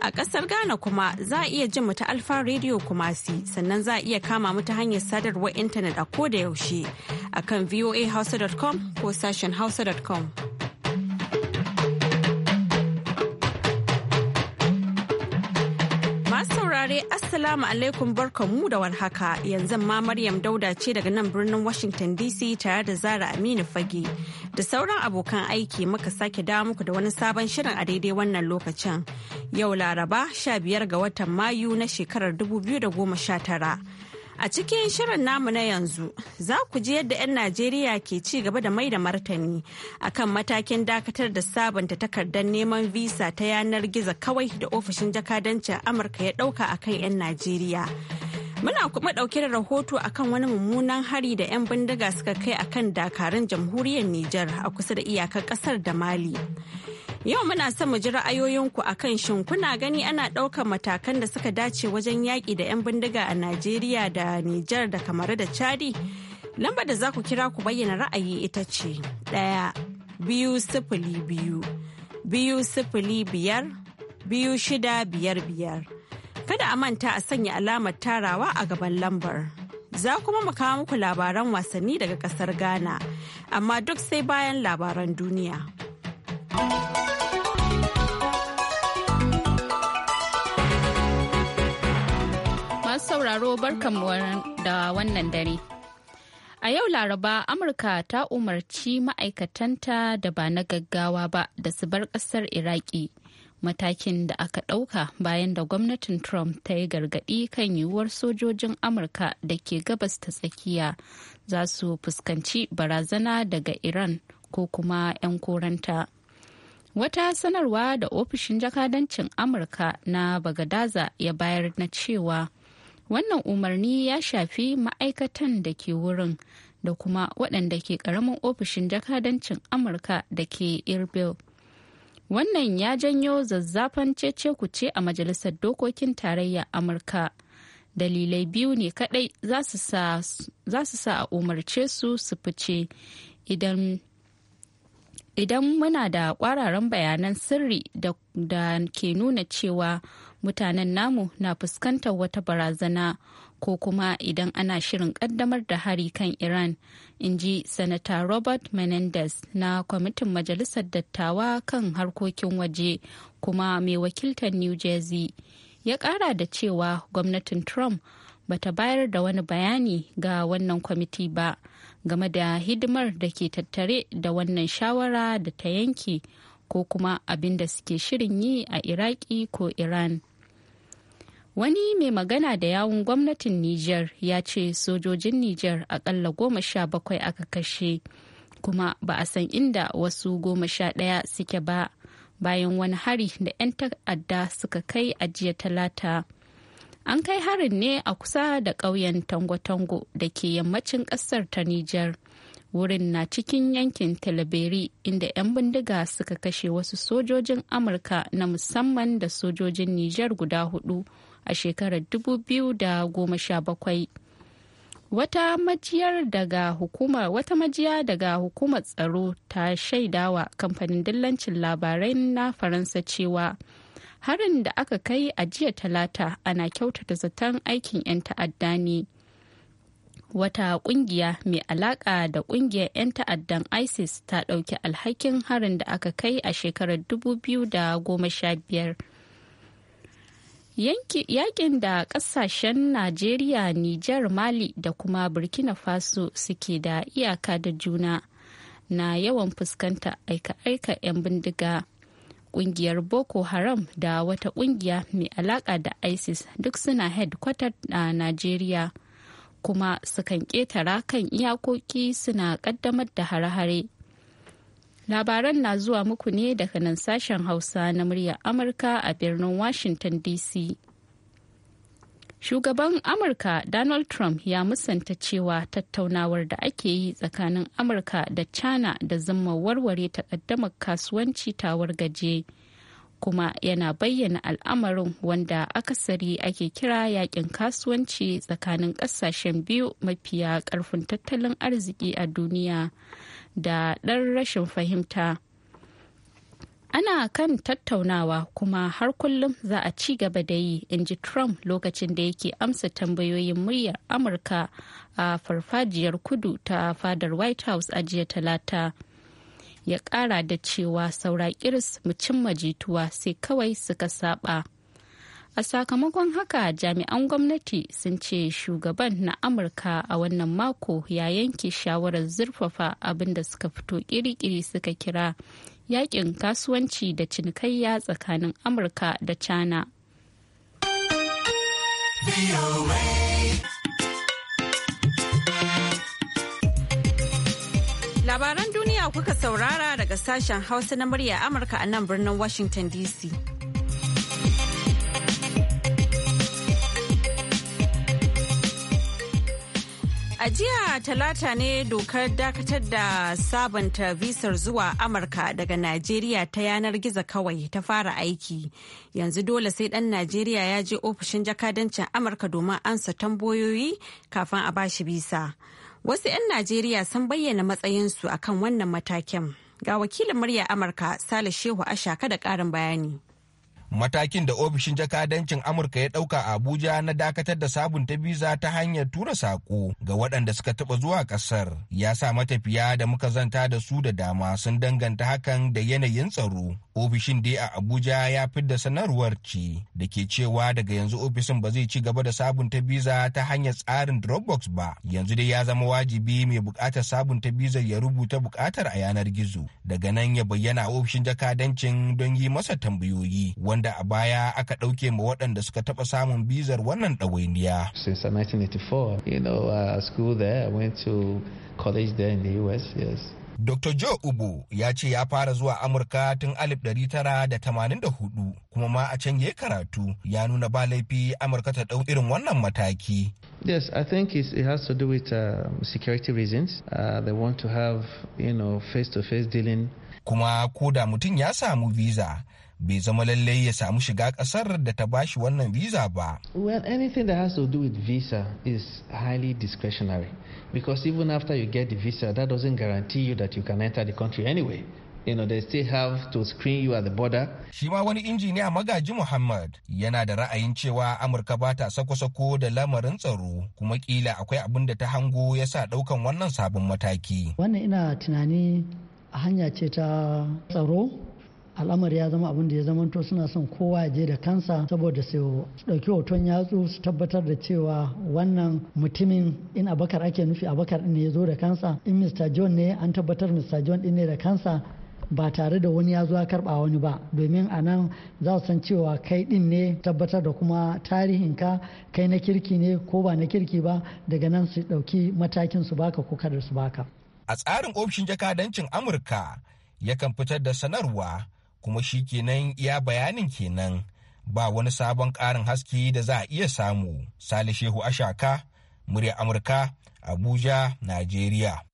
A ƙasar Ghana kuma za a iya jin mu ta Alfa Radio Kumasi sannan za a iya kama mu ta hanyar sadarwar intanet a ko da yaushe a kan voahausa.com ko sashen hausa.com. Masu saurare Assalamu alaikum mu" da warhaka yanzu ma Maryam Dauda ce daga nan birnin Washington DC tare da Zara Aminu Fage da sauran abokan aiki muka sake dawo muku da wani sabon shirin a daidai wannan lokacin. Yau Laraba 15 ga watan Mayu na shekarar 2019. A cikin shirin namu na yanzu za ku ji yadda 'yan Najeriya ke ci gaba da mai da martani akan matakin dakatar da sabanta takardar neman visa ta yanar gizo kawai da ofishin jakadancin Amurka ya ɗauka akan 'yan Najeriya. Muna kuma ɗauke da rahoto akan wani mummunan hari da 'yan bindiga suka kai akan dakarun jamhuriyar Nijar a kusa da iyakar ƙasar da Mali. Yau muna son mu ji ra'ayoyinku akan kan shin kuna gani ana ɗaukar matakan da suka dace wajen yaƙi da 'yan bindiga a Najeriya da Nijar da kamar da Chadi? Lamba da za ku kira ku bayyana ra'ayi ita ce ɗaya biyu sifili biyu biyu sifili biyar biyu shida biyar biyar. Kada a manta a sanya alamar tarawa a gaban lambar. Za kuma mu kawo muku labaran wasanni daga kasar Ghana, amma duk sai bayan labaran duniya. Masu sauraro barkanmu da wannan dare. A yau Laraba, Amurka ta umarci ma'aikatanta da ba na gaggawa ba da su bar ƙasar Iraki matakin da aka ɗauka bayan da gwamnatin trump ta yi gargaɗi kan yiwuwar sojojin amurka da ke gabas ta tsakiya za su fuskanci barazana daga iran ko kuma 'yan koranta wata sanarwa da ofishin jakadancin amurka na bagadaza ya bayar na cewa wannan umarni ya shafi ma'aikatan da ke wurin da kuma waɗanda ke ƙaramin ofishin jakadancin amurka da ke irbil Wannan ya janyo zazzafan cece kuce a Majalisar Dokokin tarayya Amurka. Dalilai biyu ne kadai za su sa a umarce su su fice idan idan muna da kwararan bayanan sirri da ke nuna cewa mutanen namu na fuskantar wata barazana ko kuma idan ana shirin kaddamar da hari kan Iran, in ji Sanata Robert Menendez na kwamitin Majalisar Dattawa kan harkokin waje kuma mai wakiltar New Jersey. Ya kara da cewa gwamnatin Trump bata bayar da wani bayani ga wannan kwamiti ba game da hidimar da ke tattare da wannan shawara da ta yanke ko kuma abin da suke shirin yi a Iraki ko Iran. Wani mai magana da yawun gwamnatin Nijar ya ce sojojin Nijar akalla goma sha bakwai aka kashe, kuma ba a san inda wasu goma sha ɗaya suke ba bayan wani hari da 'yan ta'adda suka kai a jiya talata. An kai harin ne a kusa da ƙauyen Tango-Tango da ke yammacin ƙasar ta Nijar. Wurin na cikin yankin Talaberi inda 'yan bindiga suka kashe wasu sojojin Amurka na musamman da sojojin Nijar guda hudu. a shekarar 2017 wata majiyar daga hukumar wata majiya daga hukumar tsaro ta shaidawa kamfanin dillancin labarai na faransa cewa harin da aka kai a jiya talata ana kyautata zaton aikin 'yan ta'adda ne wata kungiya mai alaka da kungiyar 'yan ta'addan isis ta dauki alhakin harin da aka kai a shekarar 2015 Yakin da kasashen Najeriya, niger Mali da kuma Burkina Faso suke da iyaka da juna na yawan fuskanta aika-aika 'yan bindiga. Kungiyar Boko Haram da wata kungiya mai alaka da ISIS duk suna headquarter a Najeriya kuma sukan ƙetara kan iyakoki suna ƙaddamar da hare-hare Labaran na zuwa muku ne daga nan sashen Hausa na muryar Amurka a birnin Washington DC. Shugaban Amurka Donald Trump ya musanta cewa tattaunawar da ake yi tsakanin Amurka da China da zama warware takaddamar kasuwanci tawar gaje. Kuma yana bayyana al'amarin wanda akasari ake kira yakin kasuwanci tsakanin ƙasashen biyu mafiya ƙarfin tattalin arziki a duniya. da ɗan rashin fahimta ana kan tattaunawa kuma har kullum za a ci gaba da yi in ji trump lokacin da yake amsa tambayoyin muryar amurka a farfajiyar kudu ta fadar white house a jiya talata ya ƙara da cewa saura kiris mu cimma jituwa sai kawai suka saba a sakamakon haka jami'an gwamnati sun ce shugaban na amurka a wannan mako ya yanke shawarar zurfafa abinda suka fito kiri-kiri suka kira yakin kasuwanci da cinikayya tsakanin amurka da china labaran duniya kuka saurara daga sashen hausa na murya amurka a nan birnin washington dc A jiya talata ne dokar dakatar da sabanta visar zuwa Amurka daga Najeriya ta yanar gizo kawai ta fara aiki. Yanzu dole sai ɗan Najeriya ya je ofishin jakadancin Amurka domin ansa tambayoyi kafin a bashi visa Wasu 'yan Najeriya sun bayyana matsayinsu akan wannan matakin. Ga wakilin murya Amurka Sale Shehu Ashaka da ƙarin bayani. matakin da ofishin jakadancin amurka ya dauka abuja na dakatar da sabunta biza ta hanyar tura sako ga waɗanda suka taɓa zuwa ƙasar ya sa matafiya da muka zanta da su da dama sun danganta hakan da yanayin tsaro ofishin da a abuja ya fidda sanarwar ce da ke cewa daga yanzu ofishin ba zai ci gaba da sabunta biza ta hanyar tsarin dropbox ba yanzu dai ya zama wajibi mai bukatar sabunta biza ya rubuta buƙatar a yanar gizo daga nan ya bayyana ofishin jakadancin don yi masa tambayoyi wanda a baya aka ɗauke ma waɗanda suka taɓa samun bizar wannan ɗawainiya. Since 1984, you know, uh, school there, went to college there in the US, yes. Dr. Joe Ubu ya ce ya fara zuwa Amurka tun 1984 kuma ma a can ya karatu ya nuna ba laifi Amurka ta ɗau irin wannan mataki. Yes, I think it has to do with uh, security reasons. Uh, they want to have, you know, face-to-face -face dealing. Kuma ko da mutum ya samu visa, bai zama lallai ya samu shiga kasar da ta bashi wannan visa ba. Well, anything that has to do with visa is highly discretionary because even after you get the visa, that doesn't guarantee you that you can enter the country anyway. You know, they still have to screen you at the border. Shi ma wani injiniya magaji Muhammad yana da ra'ayin cewa Amurka ba ta sako-sako da lamarin tsaro kuma kila akwai abin da ta hango ya sa ɗaukan wannan sabon mataki. Wannan ina tunani a hanya ce ta tsaro al'amari ya zama abin da ya zamanto suna son kowa ya je da kansa saboda su ɗauki hoton yatsu su tabbatar da cewa wannan mutumin in abakar ake nufi abakar ne ya zo da kansa in mr john ne an tabbatar mr john ɗin ne da kansa ba tare da wani ya zo ya karba wani ba domin a nan za su san cewa kai ɗin ne tabbatar da kuma tarihin ka kai na kirki ne ko ba na kirki ba daga nan su ɗauki matakin su baka ko kada su baka a tsarin ofishin jakadancin amurka yakan fitar da sanarwa kuma shi kenan iya bayanin kenan ba wani sabon ƙarin haske da za a iya samu. Sale Shehu Ashaka, murya Amurka, Abuja, Najeriya.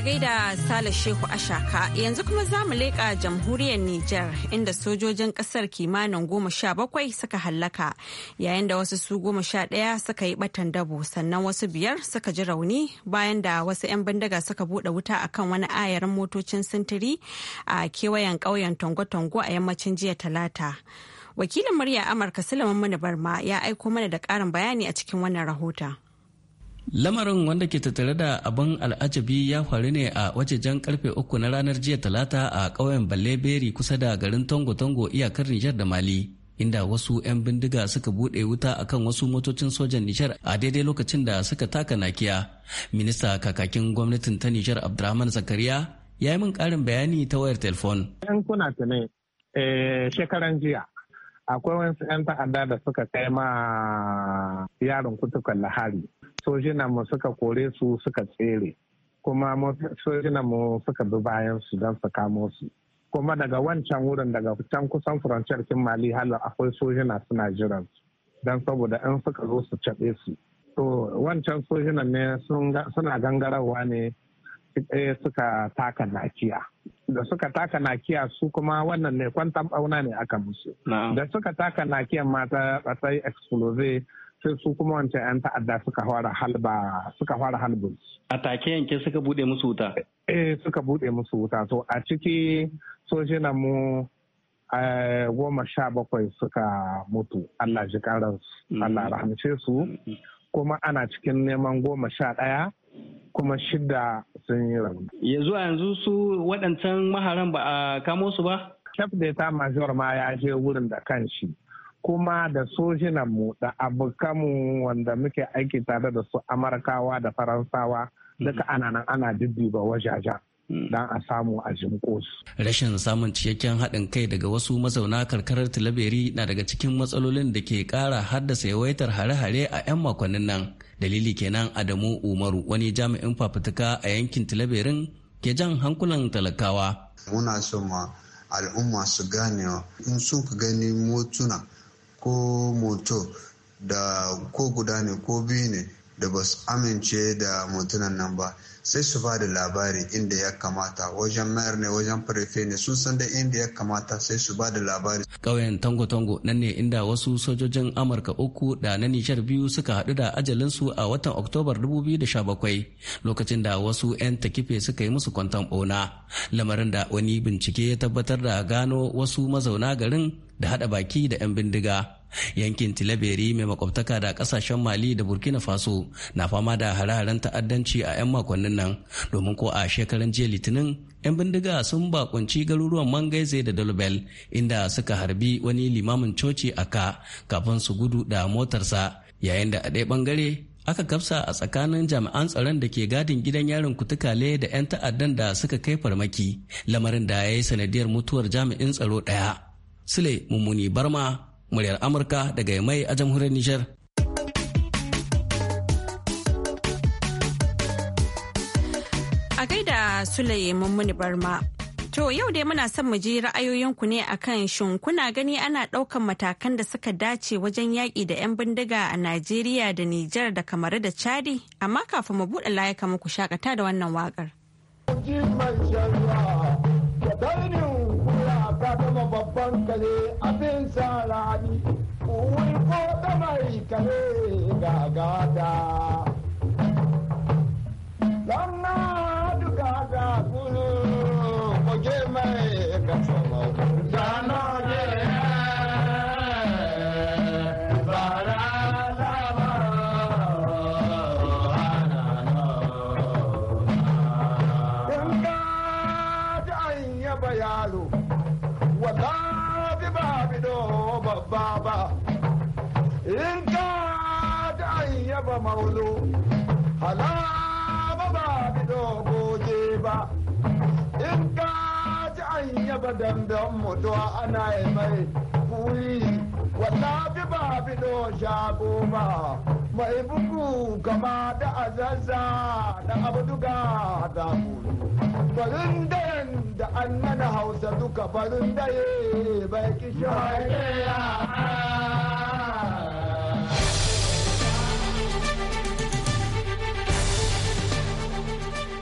a gaida Sale Shehu Ashaka yanzu kuma za mu leƙa jamhuriyar Nijar inda sojojin ƙasar kimanin goma sha bakwai suka hallaka yayin da wasu su goma sha ɗaya suka yi ɓatan dabo sannan wasu biyar suka ji rauni bayan da wasu 'yan bindiga suka buɗe wuta akan wani ayarin motocin sintiri a kewayen ƙauyen Tongo-Tongo a yammacin jiya Talata. Wakilin murya Amurka Sulaiman Mani ya aiko mana da ƙarin bayani a cikin wannan rahoton. lamarin wanda ke tattare da abin al'ajabi ya faru ne a wajejen karfe uku na ranar jiya talata a ƙauyen balleberi kusa da garin tango-tango iyakar nijar da mali inda wasu 'yan bindiga suka buɗe wuta akan wasu motocin sojan nijar a daidai lokacin da suka taka nakiya minista kakakin gwamnatin ta nijar abdurrahman zakariya ya yi min karin bayani ta wayar telefon. yan kuna tuni eh, shekaran jiya akwai wasu 'yan ta'adda da suka kai ma yaron kutukan lahari sojinan mu suka kore su suka tsere kuma sojinan mu suka bi bayan su don su kamo su kuma daga wancan wurin daga can kusan furanciyar kin mali hala akwai sojina suna jiran su don saboda in suka zo su caɓe su to wancan sojinan ne suna gangarawa ne eh, suka taka nakiya da suka taka nakiya su kuma wannan ne kwantan bauna ne aka musu da suka taka nakiyan mata tsatsai explosive sai su kuma wancan 'yan ta'adda suka fara halba suka fara halbun. a take yanke suka bude musu wuta eh suka bude musu wuta to a ciki na mu eh, goma sha bakwai suka mutu Allah ji karar mm. Allah rahmace su mm. kuma ana cikin neman goma sha ɗaya kuma shida sun yi rauni. Yanzu a yanzu su waɗancan maharan ba a kamo su ba? Chef de ta major ma ya je wurin da kan shi. kuma da sojinanmu da abokanmu wanda muke aiki tare da su amurkawa da faransawa mm-hmm. duka ana nan ana dubbiba wajajen mm. don a samu a jinkosu. Rashin samun cikakken haɗin kai daga wasu mazauna karkarar Tilaberi na daga cikin matsalolin da ke ƙara haddasa yawaitar hare-hare a 'yan makonnin nan. Dalili kenan Adamu Umaru wani jami'in fafutuka a yankin Tilaberin ke jan hankulan talakawa. Muna so ma al'umma su gane in sun ka gani motuna ko moto da ko guda ne ko biyu ne da ba su amince da mutunan nan ba sai su ba da labari inda ya kamata wajen mayar ne wajen farfe ne sun san da inda ya kamata sai su ba da labari. ƙauyen tango tango nan ne inda wasu sojojin amurka uku da na nishar biyu suka haɗu da ajalinsu a watan oktobar 2017 lokacin da wasu 'yan takife suka yi musu kwanton ɓauna lamarin da wani bincike ya tabbatar da gano wasu mazauna garin da hada baki da 'yan bindiga yankin tilaberi mai makwabtaka da kasashen mali da burkina faso na fama da hare-haren ta'addanci a 'yan makonnin nan domin ko a shekaran jiya litinin 'yan bindiga sun bakunci garuruwan mangaize da dalbel inda suka harbi wani limamin coci a ka kafin su gudu da motarsa yayin da a ɗaya bangare aka kafsa a tsakanin jami'an tsaron da ke gadin gidan yarin kutukale da 'yan ta'addan da suka kai farmaki lamarin da ya yi sanadiyar mutuwar jami'in tsaro ɗaya Sule Mummuni Barma, muryar Amurka daga mai a jamhuriyar Nijar. A gaida Sule Mummuni Barma. To yau dai muna son mu ji ra'ayoyinku ne akan shin kuna gani ana ɗaukan matakan da suka dace wajen yaƙi da 'yan bindiga a Najeriya da Nijar da Kamaru da Chadi amma kafin mu buɗe layuka muku shakata da wannan waƙar. bankare abin sa rani wuri ko da mai kare ga gada lanna duka ga kulu koge mai gasa mau maulu hala ba bi bi ba in ka ji an yaba dandan to ana yi mai kuri wata bi ba bi do shago ba mai bugu kama da azaza da abduga da kuru farin dayan da an nana hausa duka farin daye bai kishi ya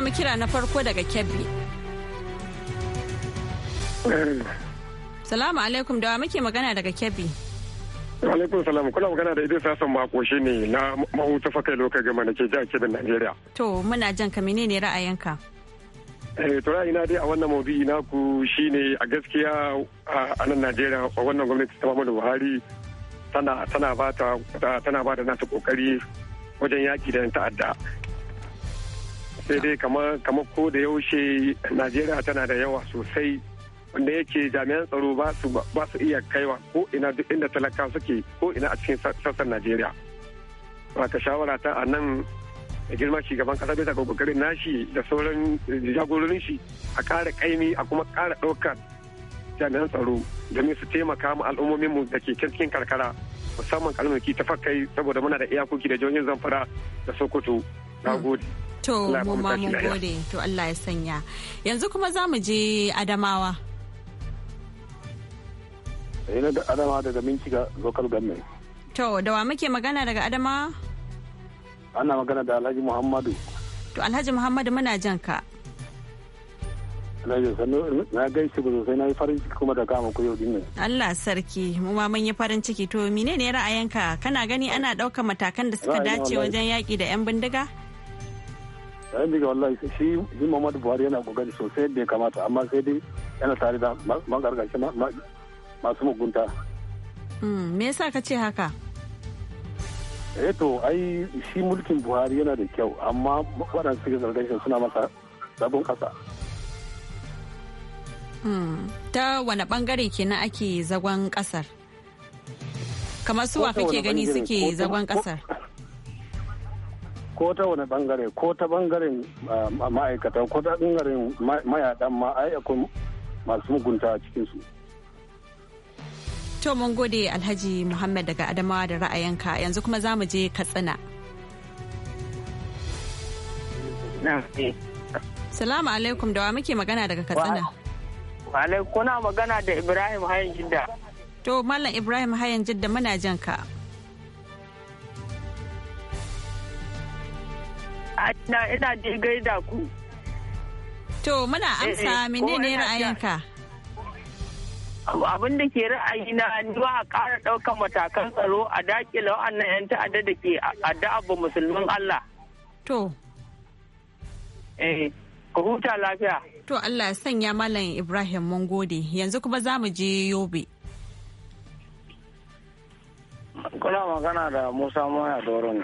samu kira na farko daga Kebbi. Salamu alaikum dawa muke magana daga Kebbi. alaikun salam kuna magana da Idris Hassan Makoshi ne na mahuta fakai lokacin gama na ke jihar Kebbi Najeriya. To muna jan ka menene ra'ayinka? Eh to ra'ayina dai a wannan maudu'i shi shine a gaskiya a nan Najeriya a wannan gwamnati ta Muhammadu Buhari tana tana ba ta tana ba da nata kokari wajen yaki da ta'adda sai dai kamar ko da yaushe najeriya tana da yawa sosai wanda yake jami'an tsaro ba su iya kaiwa ko ina duk inda talaka suke ko ina a cikin sassan najeriya ka shawara ta a nan a girma shugaban kasa bisa ga kokarin nashi da sauran jagororin shi a kara kaimi a kuma kara ɗaukar jami'an tsaro domin su taimaka mu al'ummomin mu da ke cikin karkara musamman kalmaki ta fakai saboda muna da iyakoki da jihohin zamfara da sokoto na gode To mu ma mun gode to Allah ya sanya. Yanzu kuma za mu je Adamawa. Ina eh, da Adama daga ga local government. To da wa muke magana daga adama. Ana magana da Alhaji Muhammadu. To Alhaji Muhammadu muna jan ka. na gaishe ku sosai na yi farin ciki kuma da kama ku yau din Allah sarki mu ma mun yi farin ciki to menene ra'ayinka kana gani ana ɗaukar matakan da suka dace wajen yaƙi da 'yan bindiga? yayin daga wallahi shi shi Muhammadu Buhari yana kokari sosai da ya kamata amma sai dai yana tare da magargashi masu mugunta. Hmm, me yasa ka ce haka? Eh to ai shi mulkin Buhari yana da kyau amma waɗansu suke zargashin suna masa sabon kasa. Hmm, ta wane bangare kenan ake zagon kasar Kamar suwa kake gani suke zagon kasar. ko ta wani bangare ko ta bangaren ah, ma'aikata ko ta bangaren mayaɗan ma masu mugunta a cikinsu. To mun gode Alhaji Muhammad daga Adamawa da ra'ayinka yanzu kuma za mu je Katsina. Eh. Salamu alaikum da wa muke magana daga Katsina. Wa kuna magana da Ibrahim Hayan Jidda. To Mallam Ibrahim Hayan Jidda muna jan ka. ina gaida ku. To muna amsa eh, menene ra'ayinka? Abin da ke ra'ayina ni a ƙara ɗaukar matakan tsaro a daƙila wa'annan 'yan ta'adda da ke adda'abba musulmin Allah. To. Eh, ku huta lafiya. To Allah ya sanya Malam Ibrahim mun gode yanzu kuma za mu je Yobe. Kuna magana da Musa Moya Doron.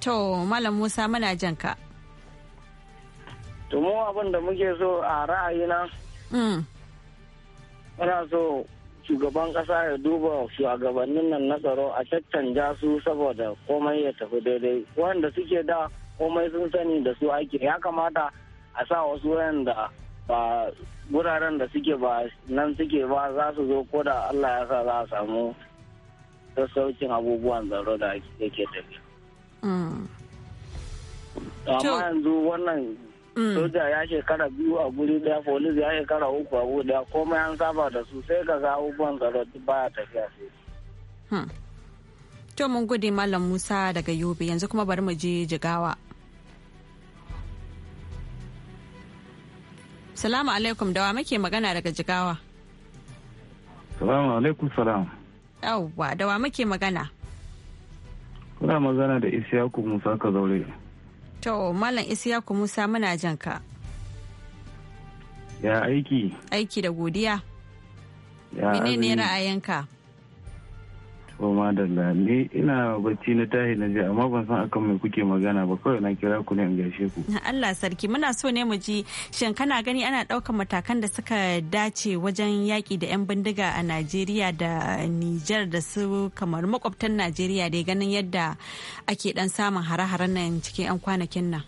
To, Malam Musa muna jan ka. Tumo abin da muke so a ra'ayi ra'ayina. Mm. Muna so shugaban ƙasa ya duba shugabannin nan na tsaro a caccanja su saboda komai ya tafi daidai. Wanda suke da komai sun sani da su ake ya kamata a sa wasu wayanda ba wuraren da suke ba nan suke ba za su zo ko da Allah ya sa za a samu sassaucin abubuwan tsaro da ake tafiya. amma yanzu wannan mm. soja ya shekara biyu a guri daya polis ya shekara uku a guri daya komai an saba da su sai ka ga abubuwan tsaro baya tafiya sai hmm. to mun gode malam musa daga yobe yanzu kuma bari mu je jigawa salamu alaikum wa muke magana daga jigawa salamu alaikum salam yawwa wa muke magana Kuna magana da Isiyaku Musa ka zaure. To, Malam Isiyaku Musa muna jan ka. Ya aiki? Aiki da godiya. Ya Menene ra'ayinka? koma da Lani ina bacci na tahi na ji amma ban san akan mai kuke magana ba kawai na kira ku ne in gaishe ku. Allah sarki muna so ne mu ji shin kana gani ana ɗaukar matakan da suka dace wajen yaƙi da 'yan bindiga a Najeriya da Nijar da su kamar makwabtan Najeriya da ganin yadda ake dan samun hare-haren nan cikin 'yan kwanakin nan.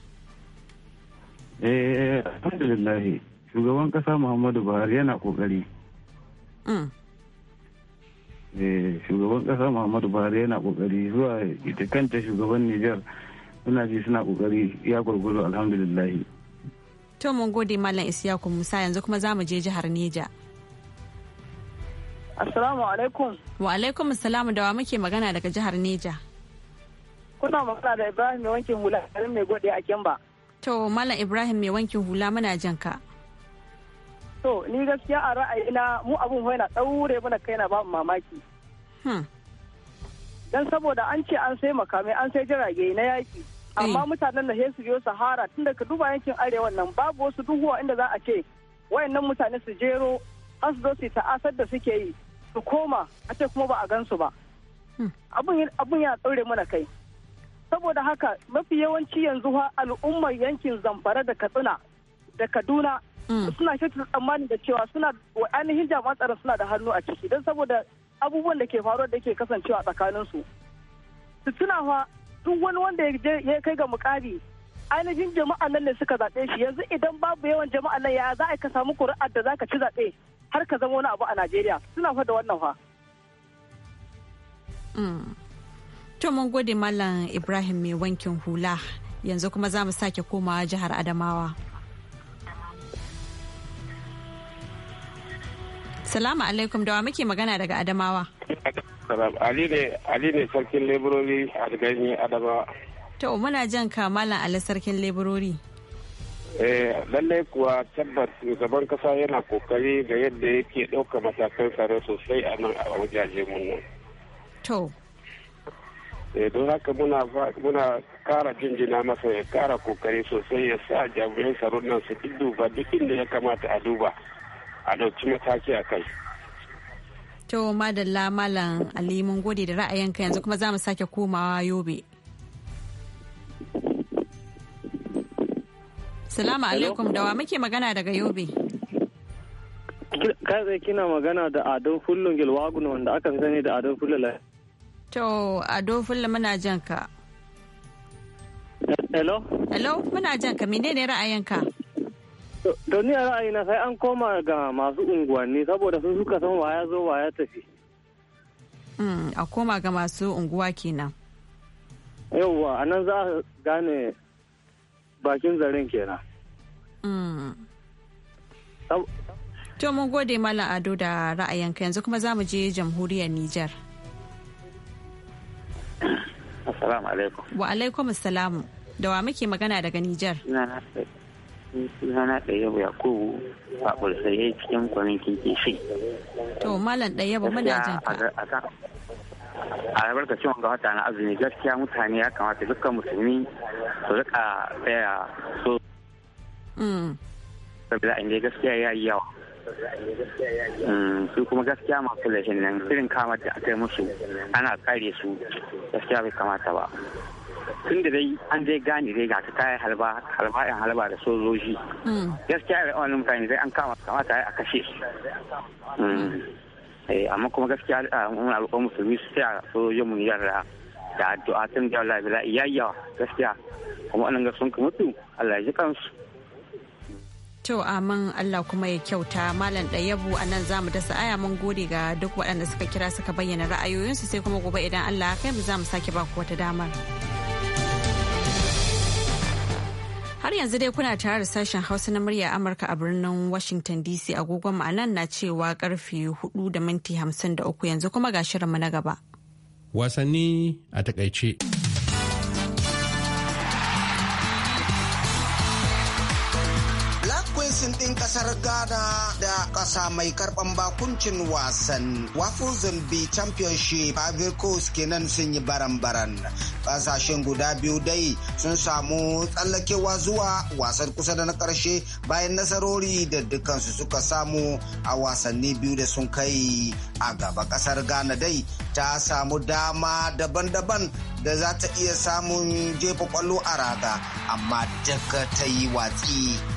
Eh, alhamdulillah shugaban kasa Muhammadu Buhari yana kokari. Mm. Eh, shugaban kasa muhammadu buhari yana kokari zuwa ita kanta shugaban niger suna ji suna kokari ya gwargwaro alhamdulillahi to mun gode malam isiyaku musa yanzu kuma za mu je jihar neja assalamu alaikum wa alaikum assalamu da wa muke magana daga jihar neja kuna magana da ibrahim mai wankin hula garin mai gode a ba to malam ibrahim mai wankin hula muna jan ka so ni gaskiya a ra'ayi na mu abun na ɗaure mana kai na babu mamaki. Hmm. Dan saboda an ce an sai makamai an sai jirage na yaki Amma eh. mutanen da su biyo Sahara tun daga duba yankin arewa nan babu wasu duhuwa inda za a ce wayannan mutane su jero har su zo su ta'asar da suke yi su koma a ce kuma ba a gansu ba. Hmm. Abun ya ɗaure mana kai. Saboda haka mafi yawanci yanzu al'ummar yankin Zamfara da Katsina da Kaduna Mm. suna kyautar tsammanin da cewa suna ainihin jama'a tsaron suna da hannu a ciki don saboda abubuwan da ke faruwa da ke kasancewa tsakanin su su fa duk wani wanda ya kai ga mukami ainihin jama'a nan ne suka zaɓe shi yanzu idan babu yawan jama'a nan ya za a ka samu kuri'ar da za ka ci zaɓe har ka zama wani abu a najeriya suna fa da wannan fa. Mm. to mun gode malam ibrahim mai wankin hula yanzu kuma za mu sake komawa jihar adamawa. Salamu alaikum da wa muke magana daga Adamawa. Ali ne Ali ne sarkin leburori a gani Adamawa. To muna jan kamalan Ali sarkin leburori. Eh lallai kuwa tabbas shugaban kasa yana kokari ga yadda yake ɗauka matakan tsaro sosai a nan a wajaje mun nan. To. Eh don haka muna muna kara jinjina masa ya kara kokari sosai ya sa jami'an tsaron nan su duba duk inda ya kamata a duba. a ɗauki mataki a kai. To madalla malam Ali mun gode da ra'ayinka yanzu kuma za mu sake komawa yobe. Salamu alaikum da wa muke magana daga yobe. Kai zai kina magana da Ado Fullun Gilwaguna wanda aka fi sani da Ado Fullun To Ado Fullun muna jan ka. Hello? Hello muna jan ka menene ra'ayinka? To ni a ra'ayina sai an koma ga masu unguwanni saboda sun suka san waya zo waya tafi. Mm, a koma ga masu unguwa kenan. Yauwa a nan za a gane bakin zaren kenan. Mm. To mun gode Malam Ado da ra'ayinka yanzu kuma za mu je jamhuriyar Nijar. Assalamu alaikum. Wa alaikum assalamu. Da wa muke magana daga Nijar? sunana ya yakubu a ɓulsaye cikin kwamitin kishi to malam ɗayabu muna jin ka a cewa ga wata na azumi gaskiya mutane ya kamata dukkan musulmi su rika tsaya so saboda inda gaskiya ya yi yawa su kuma gaskiya masu lahin nan irin kamar da aka yi musu ana kare su gaskiya bai kamata ba tun da dai an zai gane dai ga ta kayan halba halba yan halba da sojoji mm. gaskiya da wani mutane zai an kama kamata a kashe mm. eh, amma kuma gaskiya mun alƙon musulmi su tsaya sojojin mu yarda da addu'a tun da Allah bila iyayya gaskiya kuma anan ga sun ka mutu Allah ya ji kansu To amin Allah kuma ya kyauta Malam Ɗayabu a nan za mu dasa aya mun gode ga duk waɗanda suka kira suka bayyana ra'ayoyinsu sai kuma gobe idan Allah ya kai mu za mu sake baku wata damar. Har yanzu dai kuna tare da sashen Hausa na murya Amurka a birnin Washington DC agogon ma'anan na cewa karfe 4 da minti 53 yanzu kuma ga shirinmu na gaba. Wasanni a takaice. kasar ghana da kasa mai karban bakuncin wasan wafin zambi championship ivory kenan sun yi baran-baran kasashen guda biyu dai sun samu tsallakewa zuwa wasan kusa da na karshe bayan nasarori da dukansu suka samu a wasanni biyu da sun kai a gaba kasar ghana dai ta samu dama daban-daban da za ta iya samun jefa kwallo a raga amma duka ta yi watsi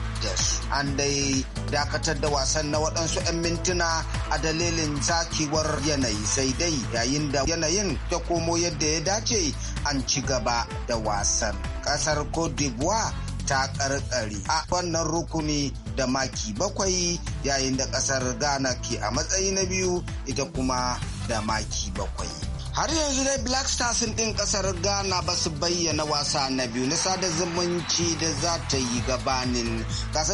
An dai dakatar da wasan na waɗansu 'yan mintuna a dalilin zakiwar yanayi sai dai yayin da yanayin ta komo yadda ya dace an ci gaba da wasan. Ƙasar Cote d'Ivoire ta ƙarƙari a wannan rukuni da maki bakwai yayin da ƙasar Ghana ke a matsayi na biyu ita kuma da maki bakwai. har yanzu dai black stars din ƙasar ghana ba su bayyana wasa na biyu na sada zumunci da za ta yi gabanin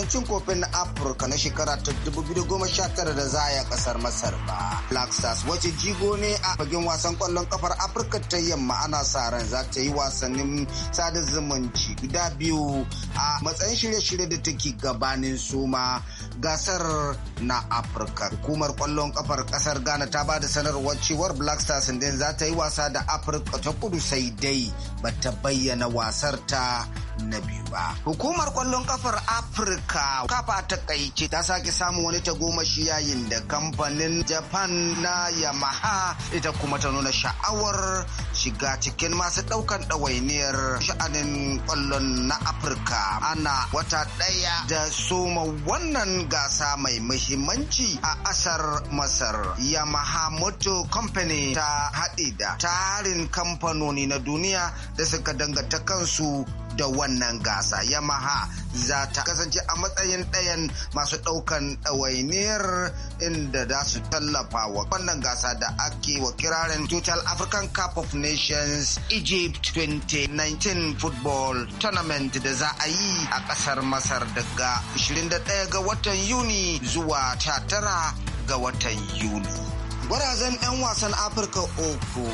cin kofin afirka na shekara ta 2019 da za a kasar masar ba black stars wacce jigo ne a bagin wasan kwallon kafar afirka ta yamma ana sa ran za ta yi wasannin sada zumunci guda biyu a matsayin shirye-shirye da take gabanin suma gasar na afirka hukumar kwallon kafar kasar ghana ta ba da sanarwar cewar black stars din za ta yi wasa da afirka ta kudu sai dai bata bayyana wasar ta na biyu ba. Hukumar kwallon kafar Afirka kafa ta kaice ta sake samun wani tagomashi yayin da kamfanin Japan na Yamaha ita kuma ta nuna sha'awar shiga cikin masu ɗaukan ɗawainiyar sha'anin kwallon na Afirka. Ana wata ɗaya da soma wannan gasa mai muhimmanci a asar Masar. Yamaha Motor Company ta haɗe da tarin kamfanoni na duniya da suka dangata kansu da wannan gasa yamaha za ta kasance a matsayin ɗayan masu ɗaukan ɗawainiyar inda za su tallafa wa wannan gasa da ake wa kirarin total african cup of nations egypt 2019 football tournament da za a yi a ƙasar masar daga 21 ga watan yuni zuwa 9 ga watan yuni gwarazan 'yan wasan afirka uku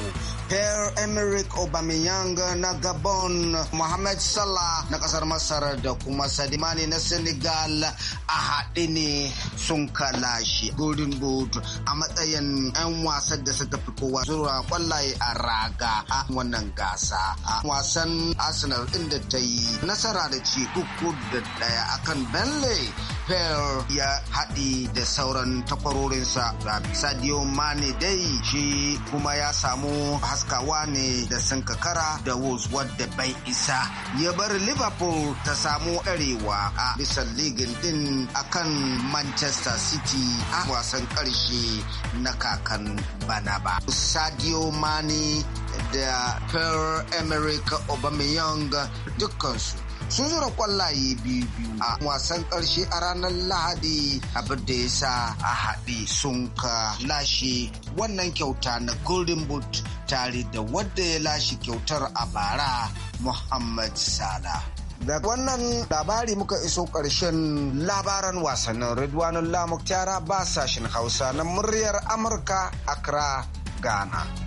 Pierre Emerick Aubameyang na Gabon, Mohamed Salah na kasar Masar da kuma Sadimani na Senegal a haɗe ne sun kalashi Golden Boot a matsayin 'yan wasan da suka fi kowa zuwa kwallaye a raga a wannan gasa. A wasan Arsenal ɗin da ta yi nasara da ci uku da ɗaya akan Benley Bell ya haɗi da sauran takwarorinsa. Sadio Mane dai shi kuma ya samu haskawa ne da sankakara da Wolves wadda bai isa. Ya bar Liverpool ta samu ɗarewa a bisan ligin din akan Manchester City a wasan ƙarshe na kakan bana ba. Sadio Mane da Pearl America Aubameyang dukkansu sun zura kwallaye biyu biyu a wasan karshe a ranar lahadi abin da ya sa a haɗe sun ka lashe wannan kyauta na golden boot tare da wadda ya lashe kyautar a bara muhammad sada da wannan labari muka iso ƙarshen labaran wasannin lamuk tara ba sashen hausa na muryar amurka accra ghana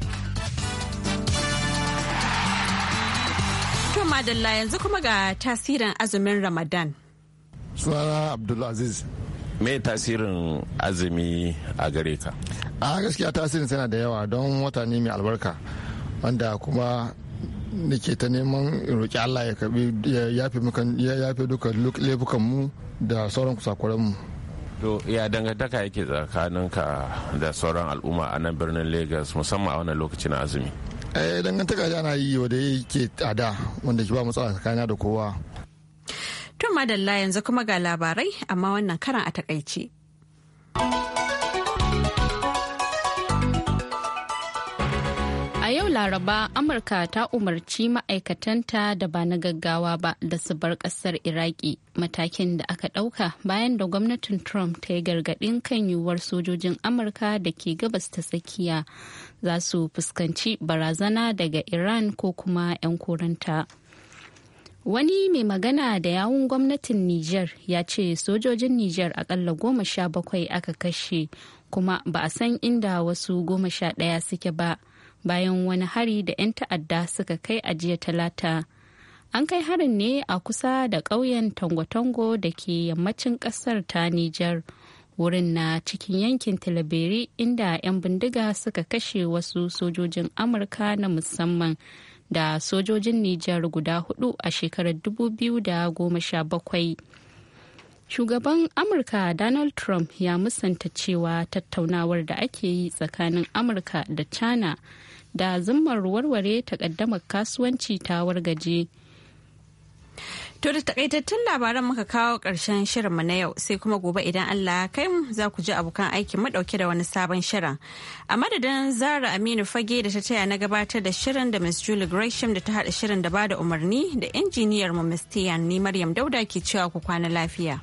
madalla yanzu kuma ga tasirin azumin Ramadan. Sunana Abdulaziz. Me tasirin azumi a gare ka? A gaskiya tasirin tana da yawa don wata ne mai albarka wanda kuma nake ta neman roƙi Allah ya karbi ya yafe duka laifukan mu da sauran kusakuran mu. To ya dangantaka yake tsakaninka da sauran al'umma a nan birnin Legas musamman a wannan lokacin azumi. Eh, dangantaka da ana yi wadda yake a da wanda ke ba matsala tsakanin da kowa tun madalla yanzu kuma ga labarai amma wannan karan a takaice a yau laraba amurka ta umarci ma'aikatanta da ba na gaggawa ba da su bar kasar iraki matakin da aka ɗauka bayan da gwamnatin trump ta yi gargaɗin kan yiwuwar sojojin amurka da ke gabas ta tsakiya za su fuskanci barazana daga iran ko kuma 'yan koranta wani mai magana da yawun gwamnatin niger ya ce sojojin niger akalla goma sha bakwai aka kashe kuma ba a san inda wasu goma sha ɗaya suke ba bayan wani hari da 'yan ta'adda suka kai a jiya talata an kai harin ne a kusa da ƙauyen tango-tango da ke yammacin ƙasar ta niger wurin na cikin yankin talabere inda 'yan bindiga suka kashe wasu sojojin amurka na musamman da sojojin nijar guda hudu a shekarar 2017 shugaban amurka donald trump ya musanta cewa tattaunawar da ake yi tsakanin amurka da china da zimmar warware takaddamar kasuwanci ta wargaje To da takaitattun labaran muka kawo ƙarshen mu na yau sai kuma gobe idan Allah ya kai mu za ku ji abokan aiki mu dauke da wani sabon shirin. A madadin Zara Aminu Fage da ta taya na gabatar da shirin da Miss Julie Gresham da ta haɗa shirin da bada umarni da injiniyar mu Miss Tiyan ni Maryam Dauda ke cewa ku kwana lafiya.